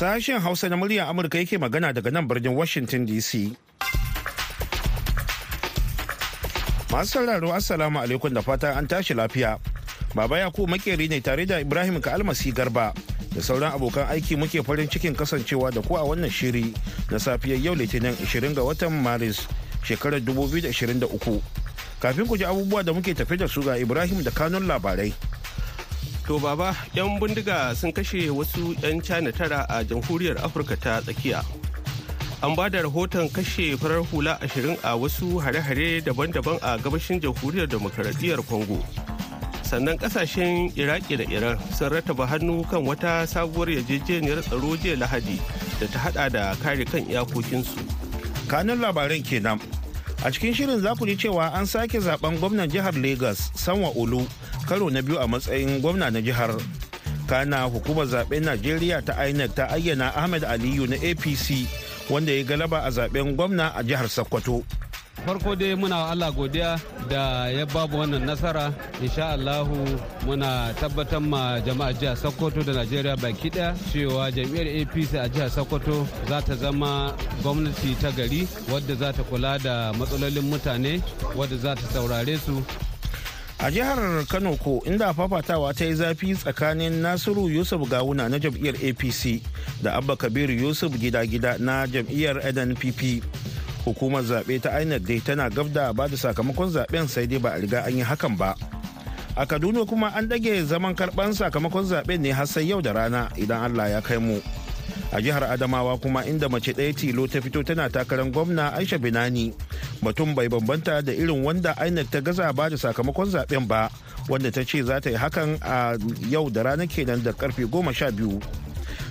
Sashen Hausa na muryar Amurka yake magana daga nan birnin Washington DC. Masu sauraro Assalamu alaikum da fatan an tashi lafiya. Baba Yakubu makeri ne tare da Ibrahim ka almasi Garba da sauran abokan aiki muke farin cikin kasancewa da ku a wannan shiri na safiyar yau Litinin 20 ga watan Maris shekarar 2023. Kafin ku ji abubuwa da muke tafi da su ga Ibrahim da kanun labarai. To baba, 'yan bindiga sun kashe wasu 'yan China tara a jamhuriyar Afirka ta tsakiya. An ba da rahoton kashe farar hula ashirin a wasu hare-hare daban-daban a gabashin jamhuriyar demokaradiyyar Congo. Sannan kasashen Iraki da Iran sun rataba hannu kan wata sabuwar yarjejeniyar tsaro jiya Lahadi da ta hada da kare kan iyakokinsu. Kanun labaran kenan. A cikin shirin za ku ji cewa an sake zaben gwamnan jihar Lagos, Sanwa Olu, karo na biyu a matsayin gwamna na jihar kana hukumar zaben najeriya ta inec ta ayyana ahmed aliyu na apc wanda ya galaba a zaben gwamna a jihar sokoto farko dai muna allah godiya da ya babu wannan nasara insha allahu muna tabbatar ma jama'a jihar sokoto da najeriya baki daya cewa jam'iyyar apc a jihar sokoto za ta zama gwamnati ta gari wadda za ta kula da matsalolin mutane wadda za ta saurare su a jihar kano ko inda fafatawa ta yi zafi tsakanin nasiru yusuf gawuna na jam'iyyar apc da abba kabiru yusuf gida-gida na jam'iyyar nnpp hukumar zaɓe ta inec dai tana gab da ba da sakamakon zaɓen sai dai ba a riga an yi hakan ba a kaduna kuma an ɗage zaman karɓan sakamakon zaɓen ne har sai yau da rana idan allah ya kai mu a jihar adamawa kuma inda mace ɗaya tilo ta fito tana takarar gwamna aisha binani batun bai bambanta da irin wanda inec ta gaza ba da sakamakon zaben ba wanda ta ce za ta yi hakan a yau da rana kenan da karfe goma sha biyu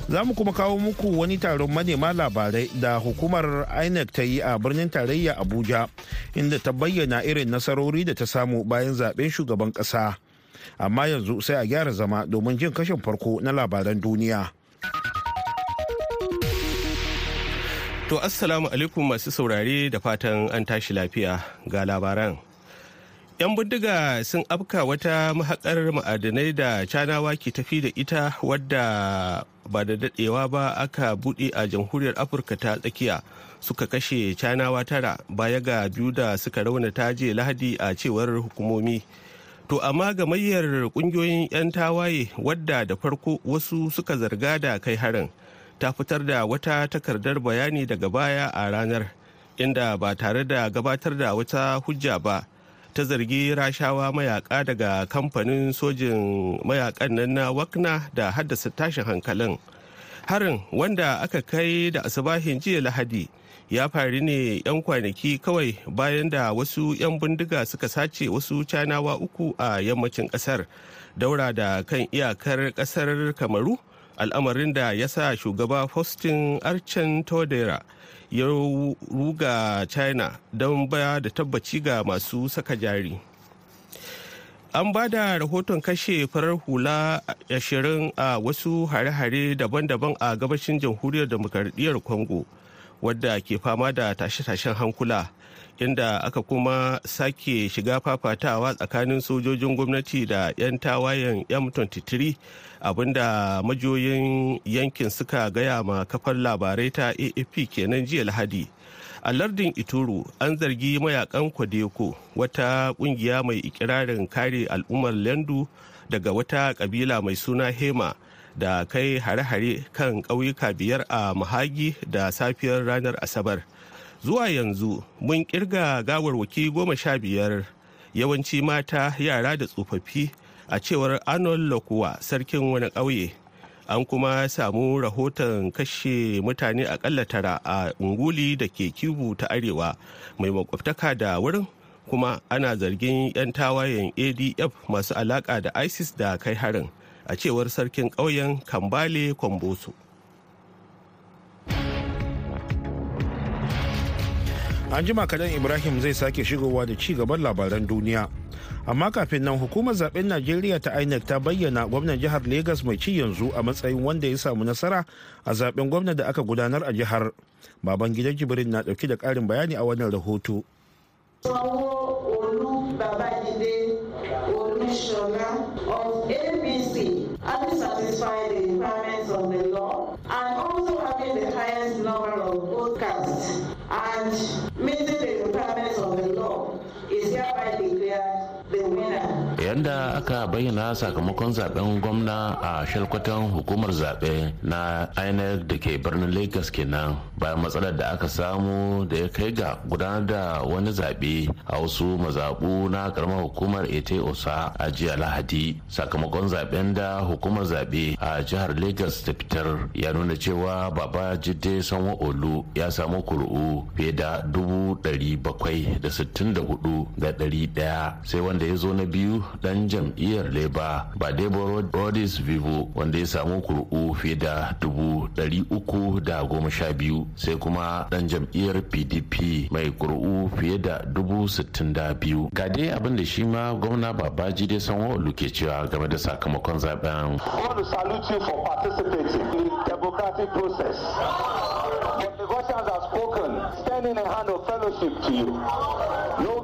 za mu kuma kawo muku wani taron manema labarai da hukumar inec ta yi a birnin tarayya abuja inda ta bayyana irin nasarori da ta samu bayan zaben shugaban kasa amma yanzu sai a gyara zama domin jin kashin farko na labaran duniya To assalamu alaikum masu saurare da fatan an tashi lafiya ga labaran. 'Yan bindiga sun afka wata mahaƙar ma'adinai da canawa ke tafi da ita wadda ba da daɗewa ba aka buɗe a jamhuriyar Afirka ta tsakiya suka kashe canawa tara baya ga biyu da suka raunata je lahadi a cewar hukumomi. To amma gamayyar ƙungiyoyin 'yan tawaye wadda da farko wasu suka zarga da kai harin. ta fitar da wata takardar bayani daga baya a ranar inda ba tare da gabatar da wata hujja ba ta zargi rashawa mayaka daga kamfanin sojin mayakan nan na wakna da haddasa tashin hankalin harin wanda aka kai da asibahin jiya lahadi ya faru ne 'yan kwanaki kawai bayan da wasu 'yan bindiga suka sace wasu canawa uku a yammacin kasar daura da kan iyakar kasar kamaru al'amarin da ya sa shugaba faustin archen todera ya ruga china don baya da tabbaci ga masu saka jari an ba da rahoton kashe farar hula ashirin a wasu hare-hare daban-daban a gabashin jamhuriyar demokradiyyar congo wadda ke fama da tashe-tashen hankula inda aka kuma sake shiga fafatawa tsakanin sojojin gwamnati da 'yan tawayen m23 abinda majoyin yankin suka gaya ma kafar labarai ta afp kenan jiya lahadi a lardin ituru an zargi mayakan kwadeko wata kungiya mai ikirarin kare al'ummar lendu daga wata kabila mai suna hema da kai hare-hare kan ƙauyuka biyar a muhagi da safiyar ranar asabar zuwa yanzu mun kirga gawarwaki goma sha biyar yawanci mata yara da tsofaffi a cewar anon lokuwa sarkin wani ƙauye an kuma samu rahoton kashe mutane akalla tara a unguli da ke kibu ta arewa mai makwabtaka da wurin kuma ana zargin 'yan tawayen adf masu alaka da isis da kai harin a cewar sarkin ƙauyen kambale kwamboso an jima kadan ibrahim zai sake shigowa da ci gaban labaran duniya amma kafin nan hukumar zaben najeriya ta inec ta bayyana gwamnan jihar lagos mai ci yanzu a matsayin wanda ya samu nasara a zaben gwamnan da aka gudanar a jihar baban gidan jibirin na dauki da karin bayani a wannan rahoto having satisfied the requirements of the law, and also having the highest number of podcasts and da aka bayyana sakamakon zaben gwamna a shalkwatan hukumar zaɓe na inec da ke birnin lagos kenan bayan matsalar da aka samu da ya kai ga gudanar da wani zaɓe a wasu mazaɓu na karamar hukumar ete osa a jiya lahadi sakamakon zaben da hukumar zaɓe a jihar lagos ta fitar ya nuna cewa baba jide sanwa olu ya samu kuri'u fiye da dubu ɗari bakwai da sittin da hudu da ɗari ɗaya sai wanda ya zo na biyu dan jam'iyyar leba ba deborah rodis vivo wanda ya samu kuri'u fiye da dubu dari uku da goma sha biyu sai kuma dan jam'iyyar pdp mai kuri'u fiye da dubu sittin da biyu ga dai abin da shi ma gwamna babaji dai san olu ke cewa game da sakamakon zaben democratic process. the Russians have spoken, standing in hand of fellowship to you. No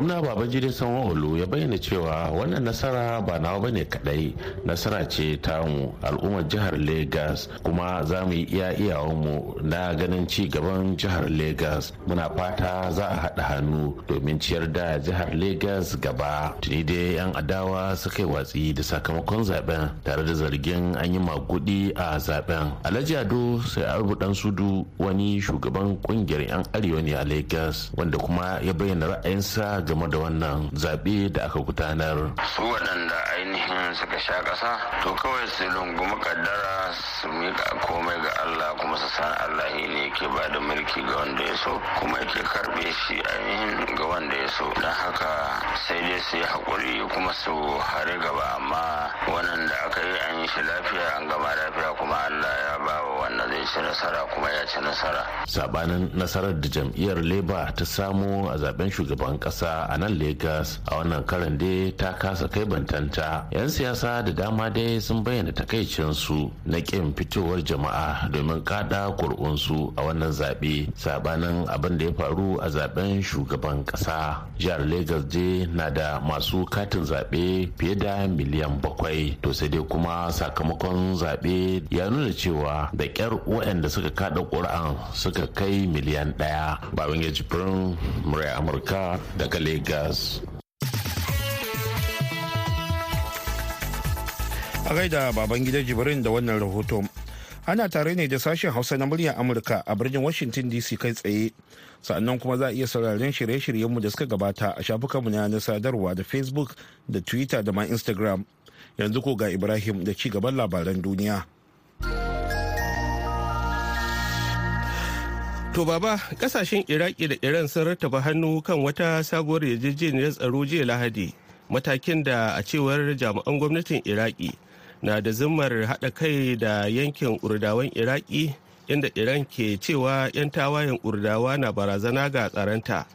gwamna babangida sanwo-olu ya bayyana cewa wannan nasara ba nawa ba ne kadai nasara ce ta mu al'ummar jihar lagos kuma za mu yi iya mu na ganin ci gaban jihar lagos muna fata za a haɗa hannu domin ciyar da jihar lagos gaba tuni dai yan adawa suka yi watsi da sakamakon zaben tare da zargin an yi magudi a zaben alhaji ado sai abu dan sudu wani shugaban kungiyar yan arewa ne a lagos wanda kuma ya bayyana ra'ayinsa game da wannan zaɓe da aka gudanar. Su waɗanda ainihin suka sha ƙasa to kawai su rungumi kaddara su miƙa komai ga Allah kuma su san Allah ne ke ba da mulki ga wanda ya so kuma ke karɓe shi ainihin ga wanda ya so don haka sai dai su yi haƙuri kuma su hare gaba amma wannan da aka yi an yi shi lafiya an gama lafiya kuma Allah ya ba ya ci nasara kuma ya ci nasara. Sabanin nasarar da jam'iyyar Labour ta samu a zaben shugaban kasa a nan Lagos a wannan karan dai ta kasa kai bantanta. 'Yan siyasa da dama dai sun bayyana takaicinsu na kin fitowar jama'a domin kada kur'unsu a wannan zaɓe sabanin abin da ya faru a zaben shugaban kasa. Jihar Lagos dai na da masu katin zaɓe fiye da miliyan bakwai to sai dai kuma sakamakon zaɓe ya nuna cewa da ƙyar waɗanda suka kada ƙuri'an suka kai miliyan ɗaya babin ya jibrin murya amurka daga lagos a gaida baban gidan jibrin da wannan rahoto ana tare ne da sashen hausa na murya amurka a birnin washington dc kai tsaye sannan kuma za a iya sauraren shirye-shiryenmu da suka gabata a shafukanmu na sadarwa da facebook da twitter da ma instagram yanzu ko ga ibrahim da ci gaban labaran duniya To baba kasashen Iraki da Iran sun rattaba hannu kan wata sabuwar yarjejeniyar tsaro jiya Lahadi matakin da a cewar jami'an gwamnatin Iraki na da zimmar haɗa kai da yankin Urdawan Iraki inda Iran ke cewa 'yan tawayen Urdawa na barazana ga tsaronta.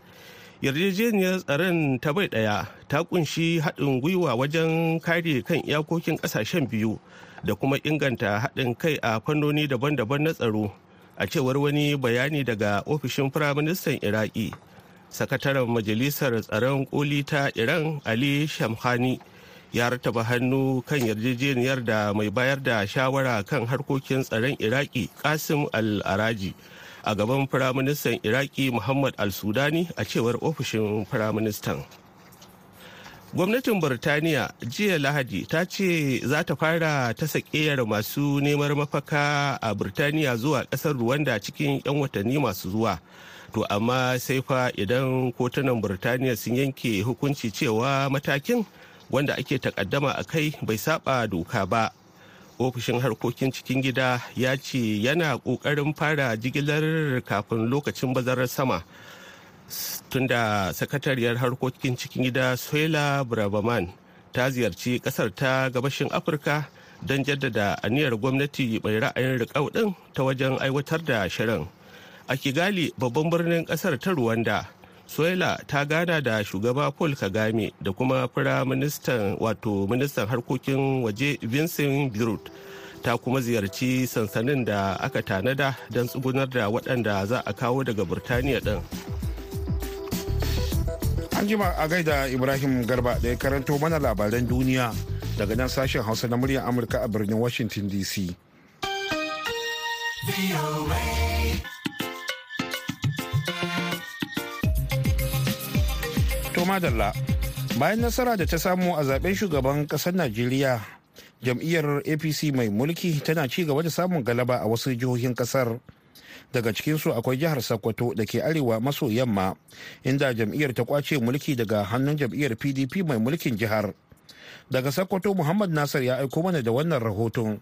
Yarjejeniyar tsaron ta bai ɗaya ta kunshi haɗin gwiwa wajen kare kan iyakokin ƙasashen biyu da kuma inganta haɗin kai a fannoni daban-daban na tsaro. a cewar wani bayani daga ofishin firaministan iraki sakataren majalisar tsaron koli ta iran ali shamhani ya rataba hannu kan yarjejeniyar da mai bayar da shawara kan harkokin tsaron iraki kasim al-araji a gaban firaministan iraki muhammad al-sudani a cewar ofishin firaministan gwamnatin burtaniya jiya lahadi ta ce za ta fara ta sakeyar masu neman mafaka a burtaniya zuwa kasar rwanda cikin 'yan watanni masu zuwa to amma sai fa idan kotunan burtaniya sun yanke hukunci cewa matakin wanda ake takaddama a kai bai saba doka ba ofishin harkokin cikin gida ya ce yana kokarin fara jigilar kafin lokacin bazarar sama tunda sakatariyar harkokin cikin gida soila braverman ta ziyarci kasar ta gabashin afirka don jaddada aniyar gwamnati mai ra'ayin riƙau din ta wajen aiwatar da shirin a kigali babban birnin kasar ta rwanda soila ta gana da shugaba paul kagame da kuma firaministan wato ministan harkokin waje vincent birut ta kuma ziyarci sansanin da aka tanada don tsugunar da waɗanda za a kawo daga birtaniya ɗin an jima a gaida ibrahim garba da ya karanto mana labaran duniya daga nan sashen hausa na muryar amurka a birnin washington dc to madalla bayan nasara da ta samu a zaɓen shugaban ƙasar najeriya jam'iyyar apc mai mulki tana ci gaba da samun galaba a wasu jihohin ƙasar. daga cikinsu akwai jihar sokoto da ke arewa maso yamma inda jam'iyyar ta kwace mulki daga hannun jam'iyyar pdp mai mulkin jihar daga Sakkwato muhammad nasir ya aiko mana da wannan rahoton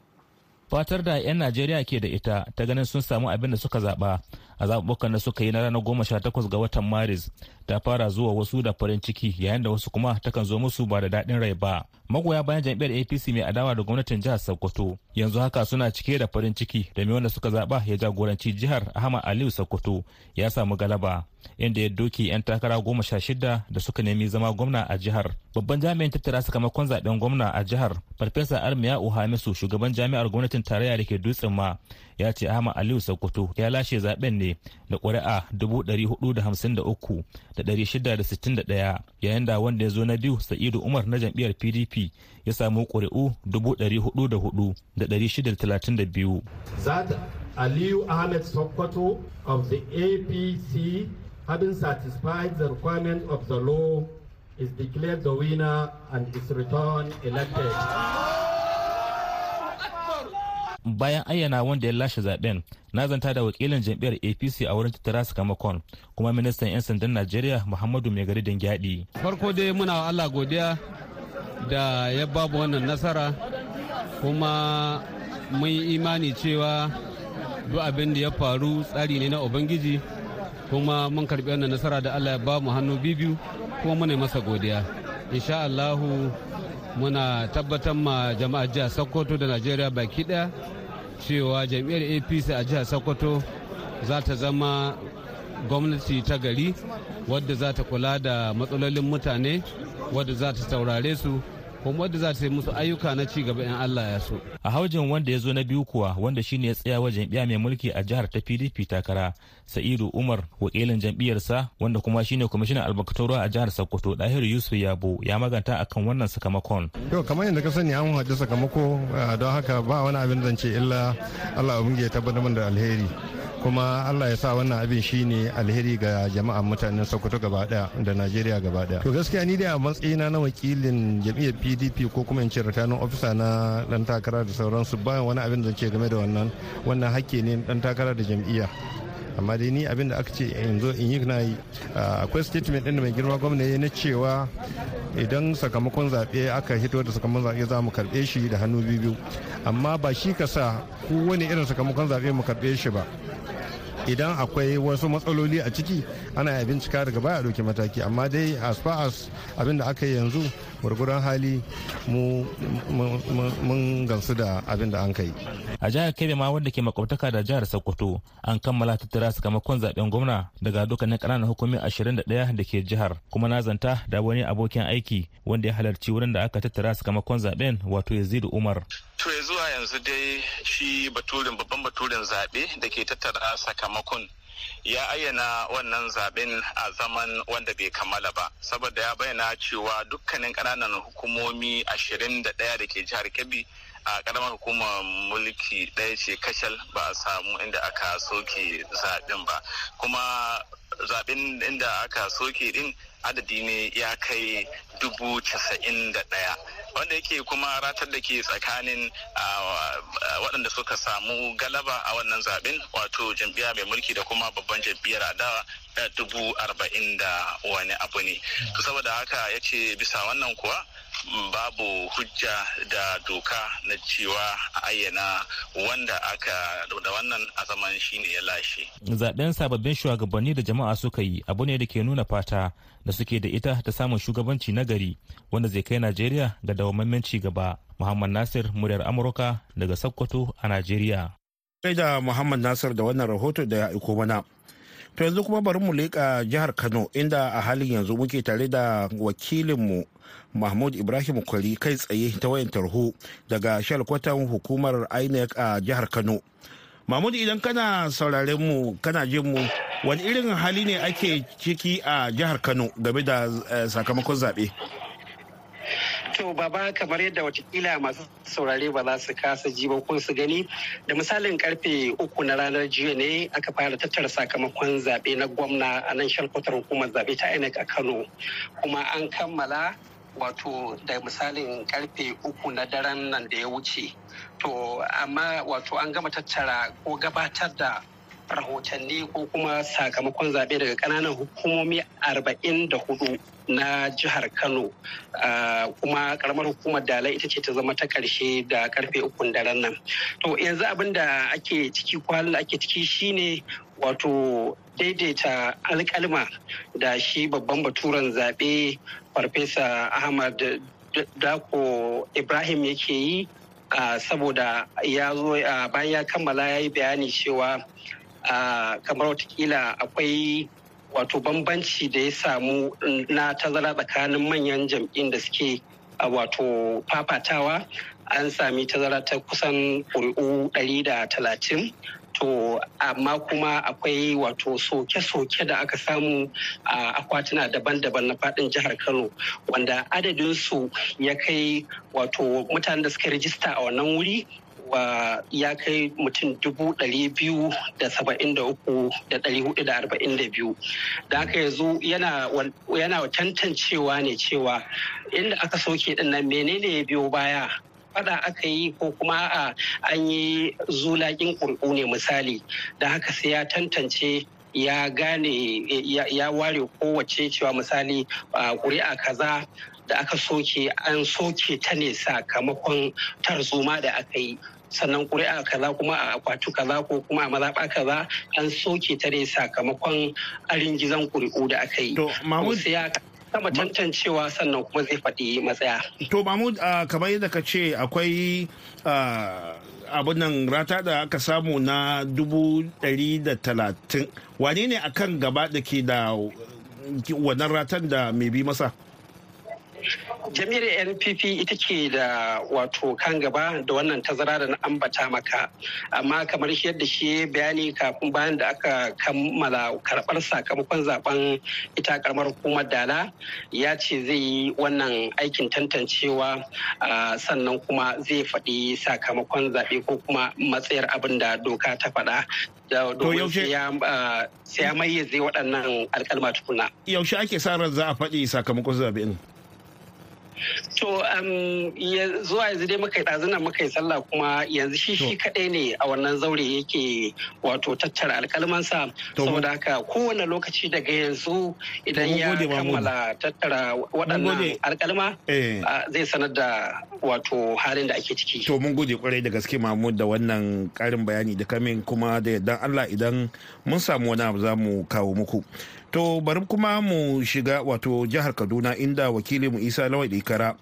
fatar da 'yan najeriya ke da ita ta ganin sun samu abin da suka zaba a zaɓuɓɓukan da suka yi na ranar goma sha takwas ga watan maris ta fara zuwa wasu da farin ciki yayin da wasu kuma takan zo musu ba da daɗin rai ba magoya bayan jam'iyyar apc mai adawa da gwamnatin jihar sokoto yanzu haka suna cike da farin ciki da mai wanda suka zaɓa ya jagoranci jihar ahmad aliyu sokoto ya samu galaba inda ya doki 'yan takara goma sha shida da suka nemi zama gwamna a jihar babban jami'in tattara sakamakon zaɓen gwamna a jihar farfesa armiya uhamisu shugaban jami'ar gwamnatin tarayya da ke dutsen ma ya ce ahmad aliyu sokoto ya lashe zaɓen ne da ƙuri'a 453,661 yayin da wanda ya zo na biyu sa'idu umar na jam'iyyar pdp ya samu ƙuri'u 404,632 zad aliyu ahmed sokoto of the apc having satisfied the requirement of the law is declared the winner and is returned elected bayan ayyana wanda ya lashe zaben na zanta da wakilin jam'iyyar apc a wurin tattara sakamakon kuma ministan 'yan sandan najeriya muhammadu mai gari gyadi farko dai muna allah godiya da ya babu wannan nasara kuma mun imani cewa duk abin da ya faru tsari ne na ubangiji kuma mun karbi wannan nasara da allah ya ba mu hannu biyu kuma muna masa godiya insha allahu muna tabbatar ma jama'ar jihar sokoto da najeriya baki daya cewa jam'iyyar apc a jihar sokoto za ta zama gwamnati ta gari wadda za ta kula da matsalolin mutane wadda za ta saurare su kuma wadda za ta yi musu ayyuka na ci gaba in Allah ya so. A haujin wanda ya zo na biyu kuwa wanda shine ya tsaya wajen biya mai mulki a jihar ta PDP takara Sa'idu Umar wakilin jam'iyyarsa wanda kuma shine kwamishinan albarkatun a jihar Sokoto Dahiru Yusuf Yabo ya maganta akan wannan sakamakon. Yau kamar yadda ka sani an haɗu sakamako don haka ba wani abin zance illa Allah ya tabbatar da alheri. kuma Allah ya sa wannan abin shi ne alheri ga jama'a mutanen Sokoto gaba daya da Najeriya gaba daya. To gaskiya ni dai a matsayina na wakilin jam'iyyar pdp ko kuma in ce ritanin ofisa na dan takara da sauransu bayan wani abin da ce game da wannan wannan hakke ne dan takara da jam'iyya amma dai ni abin da aka ce yanzu in yi na akwai statement din da mai girma gwamna ya na cewa idan sakamakon zaɓe aka hito da sakamakon zaɓe za mu karɓe shi da hannu biyu amma ba shi ka sa ko wani irin sakamakon zaɓe mu karɓe shi ba idan akwai wasu matsaloli a ciki ana ya bincika daga baya ɗauki mataki amma dai as far as abin da aka yi yanzu gurguran hali mun gamsu da abin da an kai a jihar kebe ma wadda ke makwabtaka da jihar sokoto an kammala tattara sakamakon zaben gwamna daga dukkanin kananan hukumi 21 da ke jihar kuma na zanta da wani abokin aiki wanda ya halarci wurin da aka tattara sakamakon zaben wato yazidu umar to zuwa yanzu dai shi baturin babban baturin zaɓe da ke tattara sakamakon sakamakon ya ayyana wannan zaben a zaman wanda bai kammala ba saboda ya bayyana cewa dukkanin ƙananan hukumomi 21 da ke jihar kebbi a karamar hukumar mulki ɗaya ce kashal ba a samu inda aka soke zaɓen ba kuma zaɓen inda aka soke din adadi ne ya kai dubu casa'in da wanda yake kuma ratar da ke tsakanin waɗanda suka samu galaba a wannan zaɓen wato jam'iyya mai mulki da kuma babban jam'iyyar adawa dubu arba'in da wani abu ne to saboda haka ya ce bisa wannan kuwa babu hujja da doka na cewa a ayyana wanda aka da wannan a zaman shine ya lashe zaɓen sababbin shugabanni da jama'a suka yi abu ne da ke nuna fata da suke da ita ta samun shugabanci na gari wanda zai kai najeriya ga dawamammen ci gaba muhammad nasir muryar amurka daga sokoto a najeriya sai da muhammad nasir da wannan rahoto da ya aiko mana to yanzu kuma bari mu leƙa jihar kano inda a halin yanzu muke tare da wakilinmu mahmud ibrahim kwari kai tsaye ta wayan tarho daga shalkwatan hukumar inec a jihar kano mahmud idan kana sauraren mu kana jin mu wani irin hali ne ake ciki a jihar kano game da eh, sakamakon zaɓe to baba kamar yadda watakila masu saurare ba za su kasa ji ba ko su gani da misalin karfe uku na ranar jiya ne aka fara tattara sakamakon zaɓe na gwamna a nan shalkwatar hukumar zaɓe ta inec a kano kuma an kammala wato da misalin karfe uku na daren nan da ya wuce to amma wato an gama tattara ko gabatar da rahotanni ko kuma sakamakon zaɓe daga ƙananan hukumomi arba'in da hudu na jihar kano kuma karamar hukumar dala ita ce ta zama ta karshe da karfe ukun daren nan to yanzu abin da ake ciki kwal da ake ciki shine wato daidaita alkalma da shi babban baturen zaɓe farfesa ahmad dako ibrahim yake yi saboda ya zo bayan ya kammala ya yi bayani cewa kamar watakila akwai wato bambanci da ya samu na tazara tsakanin manyan jam'in da suke wato fafatawa an sami tazara ta kusan ƙuri'u 130 to amma kuma akwai wato soke-soke da aka samu a akwatuna daban-daban na fadin jihar kano wanda adadinsu ya kai wato mutanen da suka rijista a wannan wuri ba ya kai mutum dubu ɗari biyu da saba'in da uku da ɗari hudu da arba'in da biyu da aka yanzu yana tantancewa ne cewa inda aka soke ɗin nan menene ya biyo baya fada aka yi ko kuma a an yi zulakin kurku ne misali da haka sai ya tantance ya gane ya ware kowace cewa misali kuri'a kaza da aka soke an soke ta ne sakamakon tarzoma da aka yi sannan kuri'a kaza kuma a akwatu kaza ko kuma a mazaɓa kaza an soke ta ne sakamakon arin gizon ƙuri'u da aka yi. sama cancancewa sannan kuma zai faɗi matsaya. To Mahmud ah, kamar yadda ka ce akwai ah, abin nan rata da aka samu na dubu ɗari da talatin wane ne akan gaba da ke da wannan ratan da mai bi masa? Jami'ar NPP ita ce da wato kan gaba da wannan tazara da na ambata maka. Amma kamar yadda shi bayani kafin bayan da aka kammala karɓar sakamakon zaben ita karamar hukumar dala ya ce zai yi wannan aikin tantancewa sannan kuma zai faɗi sakamakon zaɓe ko kuma matsayar abin da doka ta faɗa. sai ya waɗannan alƙalma tukuna. Yaushe ake sa ran za a faɗi sakamakon zaɓe To um, zuwa yanzu dai muka yi ɗazuna muka yi sallah kuma yanzu shi shi kaɗai ne a wannan zaure yake wato tattara alkalmansa saboda haka kowane lokaci daga yanzu idan ya kammala tattara waɗannan alkalma eh. zai sanar da wato halin da ake ciki. To mun gode kwarai da gaske mamu da wannan ƙarin bayani da kamin kuma da yardan Allah idan mun samu wani abu za mu kawo muku. to bari kuma mu shiga wato jihar kaduna inda wakilinmu isa lawal ikara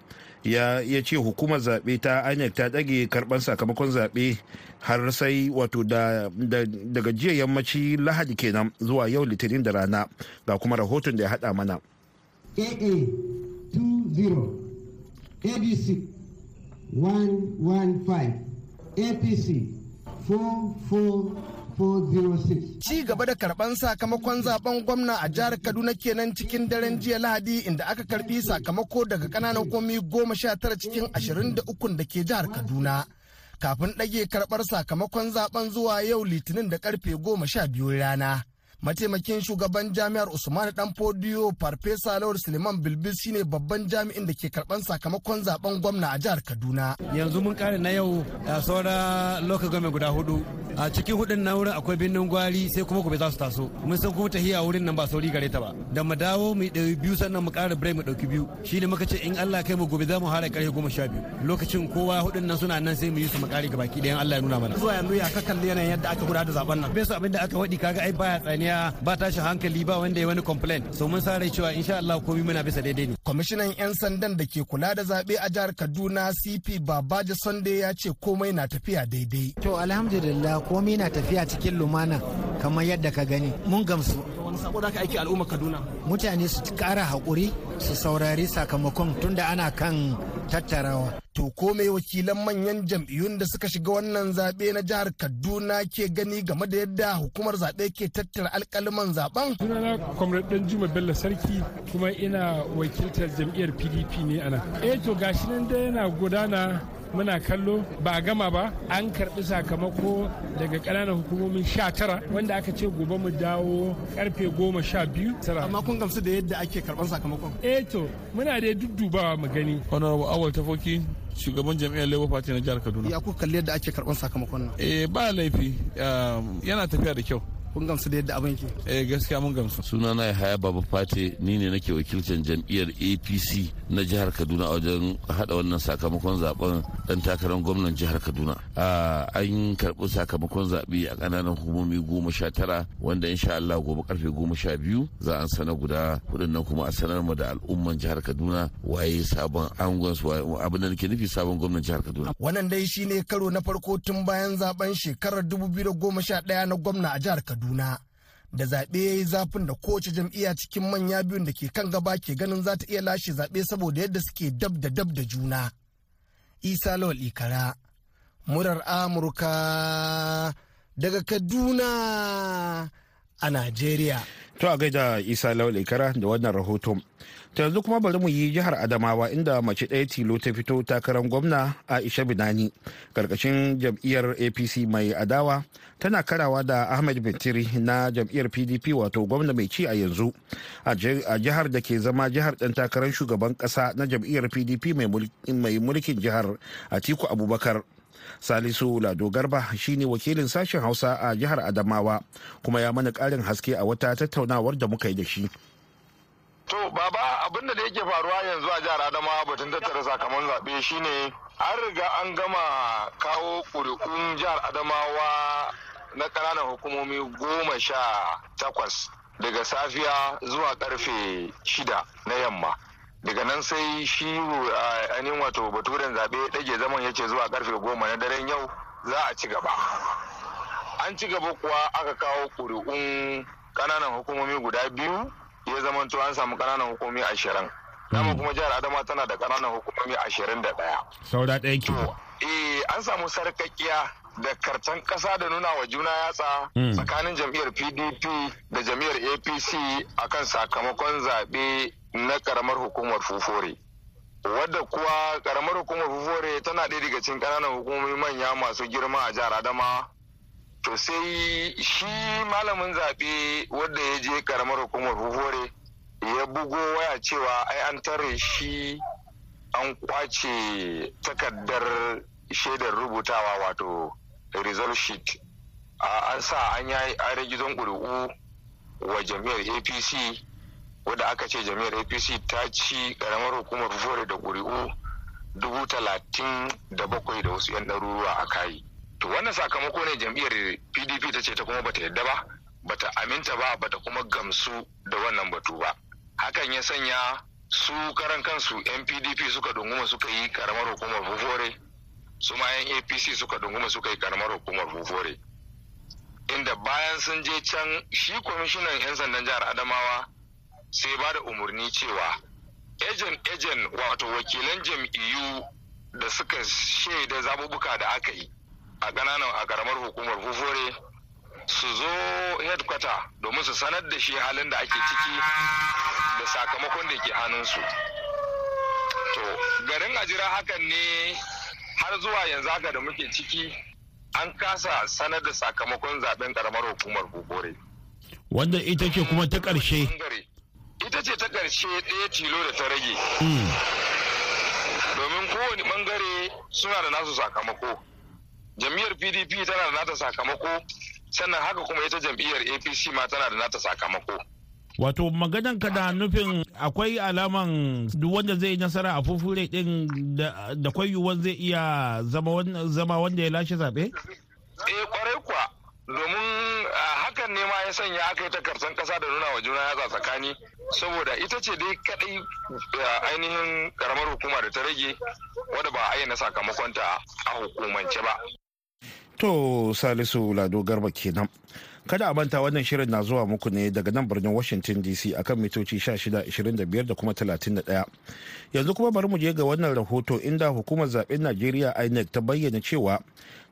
ya ya ce hukumar zaɓe ta anya ta ɗage karɓar sakamakon zaɓe har sai wato da, daga jiya yammaci lahadi kenan zuwa yau litinin da rana ga kuma rahoton da ya haɗa mana aa 20 abc 115 apc Ci gaba da karban sakamakon zaben gwamna a jihar Kaduna kenan cikin daren jiya Lahadi inda aka karbi sakamako daga kananan komi goma sha tara cikin ashirin da ukun da ke jihar Kaduna. Kafin ɗage karɓar sakamakon zaben zuwa yau Litinin da karfe goma sha biyu rana. mataimakin shugaban jami'ar usman dan fodiyo farfesa lawar suleiman bilbil shine babban jami'in da ke karban sakamakon zaben gwamna a jihar kaduna yanzu mun kare na yau a saura local government guda hudu a cikin hudun na wurin akwai birnin gwari sai kuma gobe za su taso mun san kuma tahiya wurin nan ba sauri gare ta ba da mu dawo mu ɗauki biyu sannan mu ƙara birai mu ɗauki biyu shine muka ce in Allah kai mu gobe za mu hara karfe goma sha biyu lokacin kowa hudun nan suna nan sai mu yi su mu kare gabaki dayan Allah ya nuna mana zuwa yanzu ya ka kalli yanayin yadda aka gudanar da zaben nan bai su abin da aka waɗi kaga ai baya tsaniya ya ba tashin hankali ba wanda ya wani complain so mun sa rai cewa insha Allah komai muna bisa daidai ne kwamishinan yan sandan da ke kula da zabe a jihar Kaduna CP Babaji Sunday ya ce komai na tafiya daidai to alhamdulillah komai na tafiya cikin lumana kamar yadda ka gani mun gamsu wani aiki al'ummar Kaduna mutane su kara hakuri su saurari sakamakon tunda ana kan tattarawa. To komai wakilan manyan jam'iyyun da suka shiga wannan zaɓe na jihar Kaduna ke gani game da yadda hukumar zaɓe ke tattara alƙaliman zaɓen? Sunana Comrade Danjuma Bello Sarki kuma ina wakiltar jam'iyyar PDP ne a nan. Eh to gashi nan dai yana gudana muna kallo ba gama ba an karbi sakamako daga ƙananan hukumomin sha tara wanda aka ce gobe mu dawo karfe goma sha biyu amma kun gamsu da yadda ake karban sakamakon eh to muna da duddubawa mu gani honorable awal tafoki shugaban jami'ar labour party na jihar kaduna ya ku kalli yadda ake karban sakamakon nan eh ba laifi yana tafiya da kyau kun gamsu da yadda abin ke. eh gaskiya mun gamsu sunana ya haya baba fate ni ne nake wakilcin jam'iyyar apc na jihar kaduna wajen hada wannan sakamakon zaben dan takarar gwamnan jihar kaduna an karbi sakamakon zaɓe a ƙananan hukumomi goma sha tara wanda insha allah gobe karfe goma sha biyu za a sana guda hudun nan kuma a sanar mu da al'umman jihar kaduna waye sabon angon su abin da nake nufi sabon gwamnan jihar kaduna wannan dai shine karo na farko tun bayan zaben shekarar 2011 na gwamna a jihar kaduna kaduna da zaɓe ya yi zafin da kowace jam'iyya cikin manya biyun da ke kan gaba ke ganin za ta iya lashe zaɓe saboda yadda suke dab da dab da juna isa lawal ikara murar amurka daga kaduna a najeriya To a gaida Isa Laule Kara da wannan rahoton. Ta yanzu kuma bari mu yi jihar Adamawa inda mace ɗaya tilo ta fito takarar gwamna Aisha Binani karkashin jam'iyyar APC mai adawa tana karawa da Ahmed Bintiri na jam'iyyar PDP wato gwamna mai ci a yanzu a jihar da ke zama jihar ɗan takarar shugaban ƙasa na jam'iyyar PDP mai mulkin jihar Atiku Abubakar. salisu lado garba shine wakilin sashen hausa a jihar adamawa kuma ya mana ƙarin haske a wata tattaunawar da muka yi da shi To baba abinda da yake faruwa yanzu a jihar Adamawa batun tattara sakamakon zaɓe shine an riga an gama kawo ƙuri'un jihar Adamawa na ƙananan hukumomi goma sha takwas daga safiya zuwa karfe shida na yamma. daga nan sai shi ainihin wato baturen zaɓe ya ɗage zaman ya zuwa karfe goma na daren yau za a ci gaba an ci gaba kuwa aka kawo ƙuri'un ƙananan hukumomi guda biyu ya zama to an samu ƙananan hukumomi ashirin dama hmm. kuma jihar adama tana da ƙananan hukumomi ashirin da ɗaya da ɗaya eh an samu sarƙaƙiya da kartan ƙasa da nuna wa juna yatsa hmm. tsakanin jam'iyyar pdp da jam'iyyar apc akan sakamakon zaɓe na karamar hukumar fufore wadda kuwa ƙaramar hukumar fufore tana ɗaya daga cikin ƙananan hukumomi manya masu girma a jihar adama to sai shi malamin zaɓe wadda ya je karamar hukumar fufore ya bugo waya cewa ai an tare shi an kwace takardar shaidar rubutawa wato result sheet an sa an yi an gizon ƙuri'u wa jami'ar apc wadda aka ce jami'ar apc ta ci ƙaramar hukumar fufore da ƙuri'u dubu talatin da bakwai da wasu 'yan ɗaruruwa a kayi to wannan sakamako ne jami'ar pdp ta ce ta kuma bata yadda ba bata aminta ba bata kuma gamsu da wannan batu ba hakan ya sanya su karan kansu 'yan pdp suka dunguma suka yi karamar hukumar fufore su ma yan apc suka dunguma suka yi karamar hukumar hufore inda bayan sun je can shi kwamishinan 'yan sandan jihar adamawa sai ba da umarni cewa ejen ejen wato wakilan jam'iyyu da suka shaida zabubuka da aka yi a ƙananan a karamar hukumar hufore su zo headquarter domin su sanar da shi halin da ake ciki da sakamakon da ke hannunsu to garin ajira hakan ne har zuwa yanzu haka da muke ciki an kasa sanar da sakamakon zaben karamar hukumar gobore wanda ita ce kuma ta ƙarshe ita ce ta ƙarshe ɗaya tilo da ta rage hmm. domin kowane ɓangare suna da nasu sakamako jam'iyyar pdp tana da nata sakamako sannan haka kuma ita jam'iyyar apc ma tana da nata sakamako Wato maganan ka da nufin akwai alaman duk wanda zai yi nasara a fufure din da kwai zai iya zama wanda ya lashe zaɓe? e kwarai kuwa domin hakan ne ma ya sanya aka yi takarsan ƙasa da nuna wa juna yatsa tsakani saboda ita ce dai kadai ainihin karamar hukuma da ta rage wadda ba a yi na sakamakonta a hukumance ba. To Salisu Lado Garba kenan. Kada a manta wannan shirin na zuwa muku ne daga nan birnin Washington DC akan mitoci 1625 da kuma 31. Yanzu kuma bari mu je ga wannan rahoto inda hukumar zaben Najeriya INEC ta bayyana cewa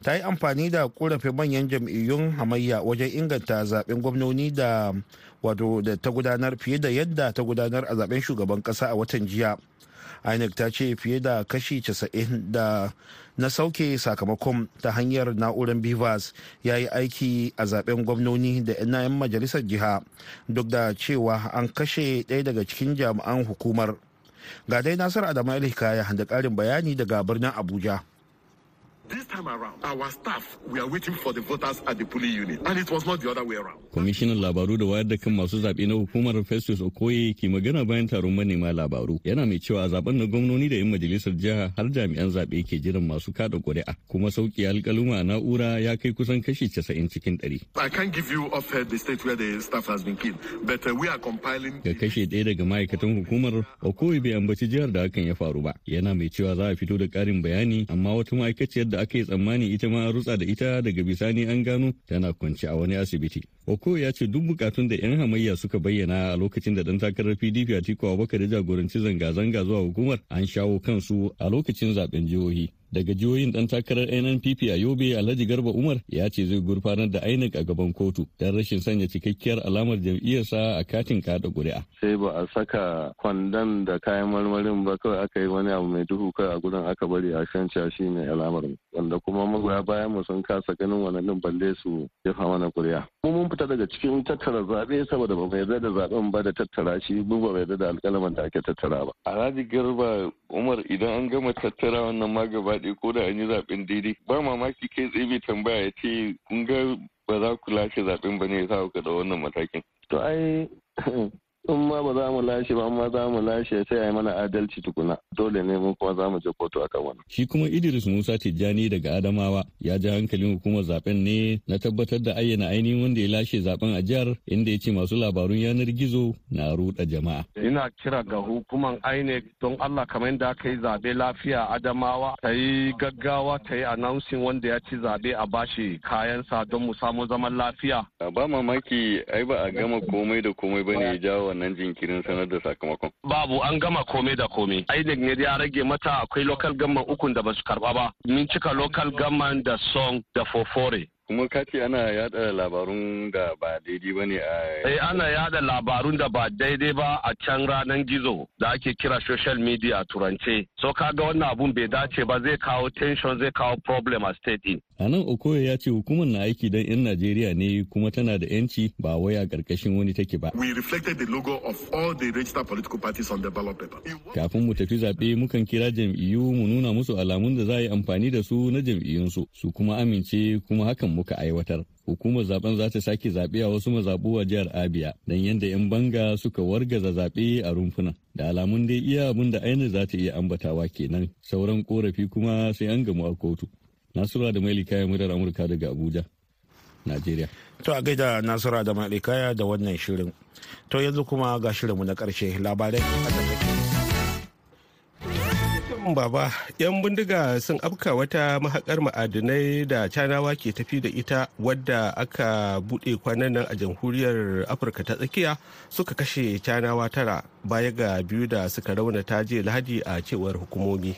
ta yi amfani da korafin manyan jam'iyyun hamayya wajen inganta zaben gwamnoni da wato da ta gudanar fiye da yadda ta gudanar a zaben shugaban kasa a watan jiya. INEC ta ce fiye da kashi 90 da na sauke sakamakon ta hanyar na'urar bivas ya yi aiki a zaben gwamnoni da 'yan majalisar jiha duk da cewa an kashe ɗaya daga cikin jami'an hukumar ga dai nasar adamu hikaya da ƙarin bayani daga birnin abuja This time around, our staff were waiting for the voters at the polling unit, and it was not the other way around. Kwamishinan labaru da wayar da kan masu zaɓe na hukumar Festus Okoye ke magana bayan taron manema labaru. Yana mai cewa zaben na gwamnoni da 'yan majalisar jiha har jami'an zaɓe ke jiran masu kada ƙuri'a, kuma sauki alƙaluma a na'ura ya kai kusan kashi 90 cikin 100. I can give you off the state where the staff has been killed, but uh, we are compiling. Ga kashe ɗaya daga ma'aikatan hukumar, Okoye bai ambaci jihar da hakan ya faru ba. Yana mai cewa za a fito da ƙarin bayani, amma wata ma'aikaciyar da da aka yi tsammani ita ma rutsa da ita daga bisani an gano tana kwance a wani asibiti. Oko ya ce duk bukatun da 'yan hamayya suka bayyana a lokacin da dan takarar PDP a Atiku Abubakar da jagoranci zanga-zanga zuwa hukumar an shawo kansu a lokacin zaben jihohi. daga jihohin dan takarar nnpp a yobe alhaji garba umar ya ce zai gurfanar da inec a gaban kotu don rashin sanya cikakkiyar alamar jam'iyyarsa a katin kada kuri'a sai ba a saka kwandon da kayan marmarin ba kawai aka yi wani abu mai duhu kai a gudan aka bari a shan shi ne alamar wanda kuma magoya bayan mu sun kasa ganin wani din balle su jefa mana kuri'a mu mun fita daga cikin tattara zaɓe saboda ba mai da zaɓen ba da tattara shi mu ba mai da alƙalaman da ake tattara ba alhaji garba umar idan an gama tattara wannan ma gaba zaɓe ko da an yi zaɓen daidai ba mamaki kai tsaye bai tambaya ya ce kun ga ba za ku lashe zaɓen ba ne ya sa ku wannan matakin. to ai in ma ba za mu lashe ba amma za mu lashe sai a yi mana adalci tukuna dole ne mu kuma za mu je kotu akan wannan. shi kuma idris musa tijjani daga adamawa ya ji hankalin hukumar zaben ne na tabbatar da ayyana ainihin wanda ya lashe zaben a jihar inda ya ce masu labarun yanar gizo na ruɗa jama'a. ina kira ga hukuman inec don allah kamar da aka yi zabe lafiya adamawa ta yi gaggawa ta yi announcing wanda ya ci zabe a bashi kayansa don mu samu zaman lafiya. ba mamaki ai ba a gama komai da komai ba ne ya jawo wannan jinkirin sanar da sakamakon? Babu an gama kome da kome. INEC ne ya rage mata akwai lokal gamman ukun da ba su karba ba. Mun cika lokal gamman da song da fofore. kuma ka ana yada labarun da ba daidai ba ne a eh ana yada labarun da ba daidai ba a can ranar gizo da ake kira social media turance so kaga wannan abun bai dace ba zai kawo tension zai kawo problem a state din anan okoye ya ce hukumar na aiki don yan najeriya ne kuma tana da yanci ba waya a karkashin wani take ba we reflected the logo of all the registered political parties on the ballot paper kafin mu tafi zabe mukan kira jam'iyyu mu nuna musu alamun da za a yi amfani da su na jam'iyyunsu su kuma amince kuma hakan muka aiwatar. Hukumar zaben za ta sake zaɓe a wasu mazaɓu a jihar Abia don yadda 'yan banga suka wargaza zaɓe a rumfuna. Da alamun dai iya abin da ainihin za ta iya ambatawa kenan sauran korafi kuma sai an gamu a kotu. Nasura da Maili kayan murar Amurka daga Abuja, Najeriya. To a gaida Nasura da Maili kaya da wannan shirin. To yanzu kuma ga shirinmu na ƙarshe labarai a labarin baba yan bindiga sun afka wata mahakar ma'adinai da canawa ke tafi da ita wadda aka buɗe kwanan nan a jamhuriyar afirka ta tsakiya suka kashe canawa tara baya ga biyu da suka raunata je lahadi a cewar hukumomi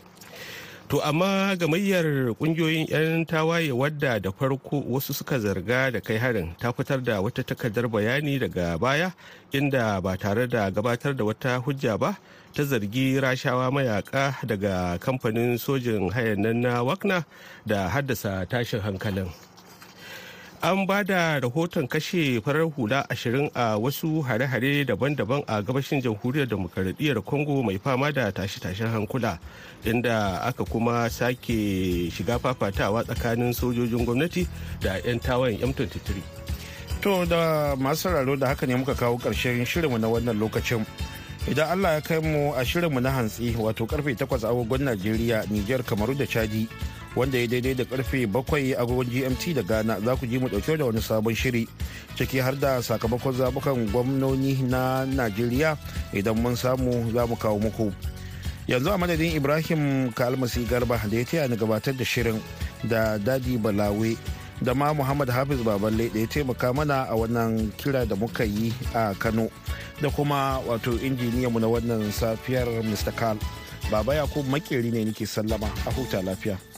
To amma gamayyar kungiyoyin 'yan tawaye wadda da farko wasu suka zarga da kai harin ta fitar da wata takardar bayani daga baya inda ba tare da gabatar da wata hujja ba ta zargi rashawa mayaka daga kamfanin sojin hayan nan na wakna da haddasa tashin hankalin an ba da rahoton kashe farar hula ashirin a wasu hare-hare daban-daban a gabashin jamhuriyar demokaradiyyar congo mai fama da tashe-tashen hankula inda aka kuma sake shiga fafatawa tsakanin sojojin gwamnati da 'yan tawayen m23 to da masu raro da haka ne muka kawo ƙarshen shirinmu na wannan lokacin idan allah ya kai mu a shirinmu na hantsi wato karfe 8 agogon najeriya niger kamaru da chadi wanda ya daidai da karfe 7 agogon gmt da ghana za ku ji mu dauke da wani sabon shiri ciki har da sakamakon zabukan gwamnoni na najeriya idan mun samu za mu kawo muku yanzu a madadin ibrahim kalmasi garba da ya taya ni gabatar da shirin da dadi balawe da ma muhammad hafiz baballe da ya taimaka mana a wannan kira da muka yi a kano da kuma wato injiniyanmu na wannan safiyar mr carl baba yakubu makeri ne nake sallama a huta lafiya